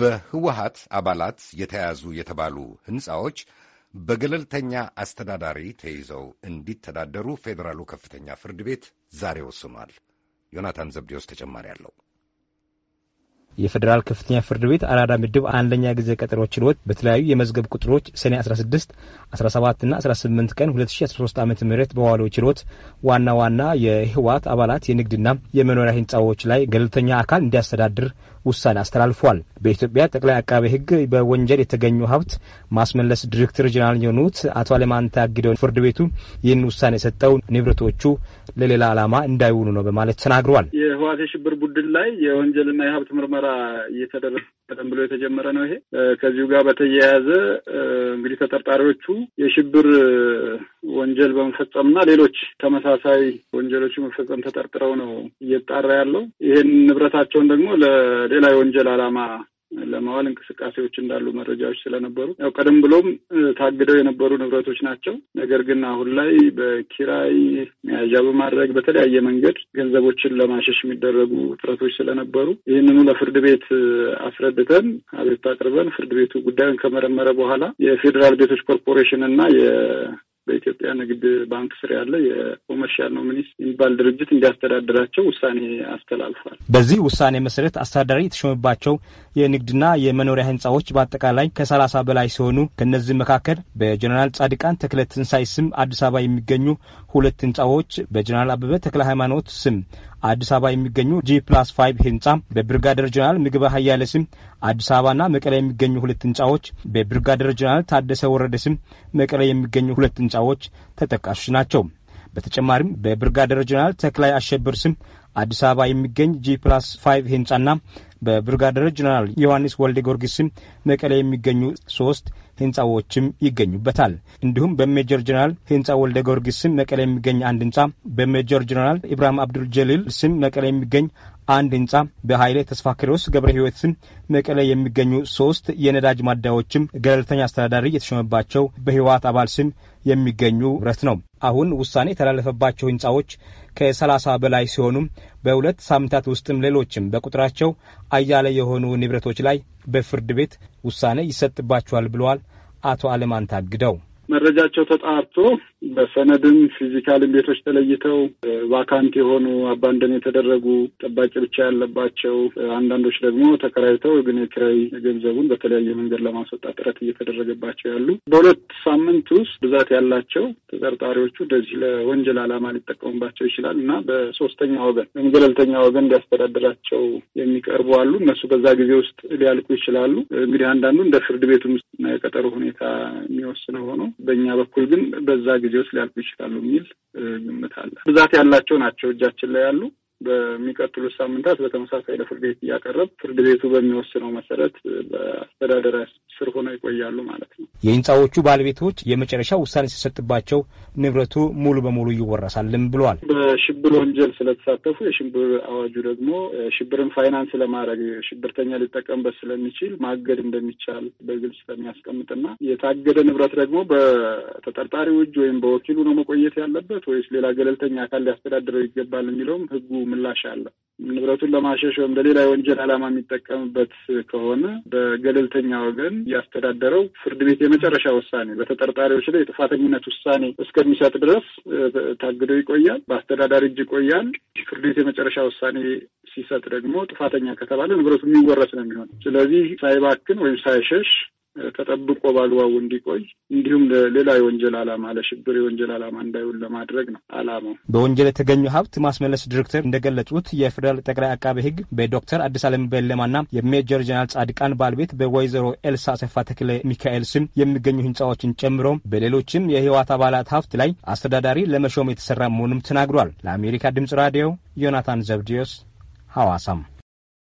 በህወሀት አባላት የተያዙ የተባሉ ህንፃዎች በገለልተኛ አስተዳዳሪ ተይዘው እንዲተዳደሩ ፌዴራሉ ከፍተኛ ፍርድ ቤት ዛሬ ወስኗል። ዮናታን ዘብዴዎስ ተጨማሪ አለው። የፌዴራል ከፍተኛ ፍርድ ቤት አራዳ ምድብ አንደኛ ጊዜ ቀጠሮ ችሎት በተለያዩ የመዝገብ ቁጥሮች ሰኔ 16፣ 17ና 18 ቀን 2013 ዓ ም በዋለው ችሎት ዋና ዋና የህወሓት አባላት የንግድና የመኖሪያ ህንፃዎች ላይ ገለልተኛ አካል እንዲያስተዳድር ውሳኔ አስተላልፏል። በኢትዮጵያ ጠቅላይ አቃቤ ሕግ በወንጀል የተገኙ ሀብት ማስመለስ ዲሬክተር ጀኔራል የሆኑት አቶ አለማንታ ግደው ፍርድ ቤቱ ይህን ውሳኔ የሰጠው ንብረቶቹ ለሌላ ዓላማ እንዳይውኑ ነው በማለት ተናግረዋል። የህወሓት የሽብር ቡድን ላይ የወንጀልና የሀብት ምርመራ እየተደረገ ቀደም ብሎ የተጀመረ ነው። ይሄ ከዚሁ ጋር በተያያዘ እንግዲህ ተጠርጣሪዎቹ የሽብር ወንጀል እና ሌሎች ተመሳሳይ ወንጀሎች መፈጸም ተጠርጥረው ነው እየጣራ ያለው። ይሄን ንብረታቸውን ደግሞ ለሌላ የወንጀል ዓላማ ለማዋል እንቅስቃሴዎች እንዳሉ መረጃዎች ስለነበሩ ያው ቀደም ብሎም ታግደው የነበሩ ንብረቶች ናቸው። ነገር ግን አሁን ላይ በኪራይ መያዣ በማድረግ በተለያየ መንገድ ገንዘቦችን ለማሸሽ የሚደረጉ ጥረቶች ስለነበሩ ይህንኑ ለፍርድ ቤት አስረድተን አቤቱታ አቅርበን ፍርድ ቤቱ ጉዳዩን ከመረመረ በኋላ የፌዴራል ቤቶች ኮርፖሬሽን እና በኢትዮጵያ ንግድ ባንክ ስር ያለ የኮመርሻል ኖሚኒስ የሚባል ድርጅት እንዲያስተዳድራቸው ውሳኔ አስተላልፏል። በዚህ ውሳኔ መሰረት አስተዳዳሪ የተሾመባቸው የንግድና የመኖሪያ ህንፃዎች በአጠቃላይ ከሰላሳ በላይ ሲሆኑ ከእነዚህ መካከል በጀኔራል ጻድቃን ተክለ ትንሳኤ ስም አዲስ አበባ የሚገኙ ሁለት ህንፃዎች፣ በጀነራል አበበ ተክለ ሃይማኖት ስም አዲስ አበባ የሚገኙ ጂ ፕላስ ፋይቭ ህንጻ በብርጋዴር ጀነራል ምግበ ሀያለ ስም፣ አዲስ አበባና መቀሌ የሚገኙ ሁለት ህንጻዎች በብርጋዴር ጀነራል ታደሰ ወረደ ስም፣ መቀለ የሚገኙ ሁለት ህንጻዎች ተጠቃሾች ናቸው። በተጨማሪም በብርጋዴር ጀነራል ተክላይ አሸብር ስም አዲስ አበባ የሚገኝ ጂ ፕላስ ፋይቭ ህንጻና በብርጋዴር ጀነራል ዮሐንስ ወልደ ጊዮርጊስ ስም መቀለ የሚገኙ ሶስት ህንፃዎችም ይገኙበታል። እንዲሁም በሜጀር ጀነራል ህንፃ ወልደ ጊዮርጊስ ስም መቀለ የሚገኝ አንድ ህንፃ፣ በሜጀር ጀነራል ኢብራሂም አብዱል ጀሊል ስም መቀለ የሚገኝ አንድ ህንፃ፣ በኃይሌ ክሬዎስ ገብረ ህይወት ስም መቀለ የሚገኙ ሶስት የነዳጅ ማደያዎችም ገለልተኛ አስተዳዳሪ የተሾመባቸው በህወሓት አባል ስም የሚገኙ ረት ነው። አሁን ውሳኔ የተላለፈባቸው ህንፃዎች ከሰላሳ በላይ ሲሆኑም በሁለት ሳምንታት ውስጥም ሌሎችም በቁጥራቸው አያሌ የሆኑ ንብረቶች ላይ በፍርድ ቤት ውሳኔ ይሰጥባቸዋል ብለዋል አቶ አለማን ታግደው መረጃቸው ተጣርቶ በሰነድም ፊዚካልም ቤቶች ተለይተው ቫካንት የሆኑ አባንደን የተደረጉ ጠባቂ ብቻ ያለባቸው፣ አንዳንዶች ደግሞ ተከራይተው ግን የኪራይ ገንዘቡን በተለያየ መንገድ ለማስወጣት ጥረት እየተደረገባቸው ያሉ በሁለት ሳምንት ውስጥ ብዛት ያላቸው ተጠርጣሪዎቹ እንደዚህ ለወንጀል ዓላማ ሊጠቀሙባቸው ይችላል እና በሶስተኛ ወገን በገለልተኛ ወገን እንዲያስተዳድራቸው የሚቀርቡ አሉ። እነሱ በዛ ጊዜ ውስጥ ሊያልቁ ይችላሉ። እንግዲህ አንዳንዱ እንደ ፍርድ ቤቱም የቀጠሮ ሁኔታ የሚወስነው ሆኖ በእኛ በኩል ግን በዛ ጊዜ ውስጥ ሊያልቁ ይችላሉ የሚል ግምት አለ። ብዛት ያላቸው ናቸው እጃችን ላይ ያሉ በሚቀጥሉ ሳምንታት በተመሳሳይ ለፍርድ ቤት እያቀረብ ፍርድ ቤቱ በሚወስነው መሰረት በአስተዳደር ስር ሆነው ይቆያሉ ማለት ነው። የህንፃዎቹ ባለቤቶች የመጨረሻ ውሳኔ ሲሰጥባቸው ንብረቱ ሙሉ በሙሉ ይወረሳልም ብለዋል። በሽብር ወንጀል ስለተሳተፉ የሽብር አዋጁ ደግሞ ሽብርን ፋይናንስ ለማድረግ ሽብርተኛ ሊጠቀምበት ስለሚችል ማገድ እንደሚቻል በግልጽ ስለሚያስቀምጥና የታገደ ንብረት ደግሞ በተጠርጣሪው እጅ ወይም በወኪሉ ነው መቆየት ያለበት ወይስ ሌላ ገለልተኛ አካል ሊያስተዳድረው ይገባል የሚለውም ህጉ ምላሽ አለ። ንብረቱን ለማሸሽ ወይም ለሌላ የወንጀል ዓላማ የሚጠቀምበት ከሆነ በገለልተኛ ወገን ያስተዳደረው ፍርድ ቤት የመጨረሻ ውሳኔ በተጠርጣሪዎች ላይ የጥፋተኝነት ውሳኔ እስከሚሰጥ ድረስ ታግዶ ይቆያል፣ በአስተዳዳሪ እጅ ይቆያል። ፍርድ ቤት የመጨረሻ ውሳኔ ሲሰጥ ደግሞ ጥፋተኛ ከተባለ ንብረቱ የሚወረስ ነው የሚሆን። ስለዚህ ሳይባክን ወይም ሳይሸሽ ተጠብቆ ባግባቡ እንዲቆይ እንዲሁም ሌላ የወንጀል ዓላማ ለሽብር የወንጀል ዓላማ እንዳይውል ለማድረግ ነው ዓላማው። በወንጀል የተገኙ ሀብት ማስመለስ ዲሬክተር እንደገለጹት የፌዴራል ጠቅላይ አቃቤ ሕግ በዶክተር አዲስ አለም በለማና የሜጀር ጀነራል ጻድቃን ባልቤት በወይዘሮ ኤልሳ አሰፋ ተክለ ሚካኤል ስም የሚገኙ ህንፃዎችን ጨምሮ በሌሎችም የህወሓት አባላት ሀብት ላይ አስተዳዳሪ ለመሾም የተሰራ መሆኑም ተናግሯል። ለአሜሪካ ድምጽ ራዲዮ ዮናታን ዘብዲዮስ ሐዋሳም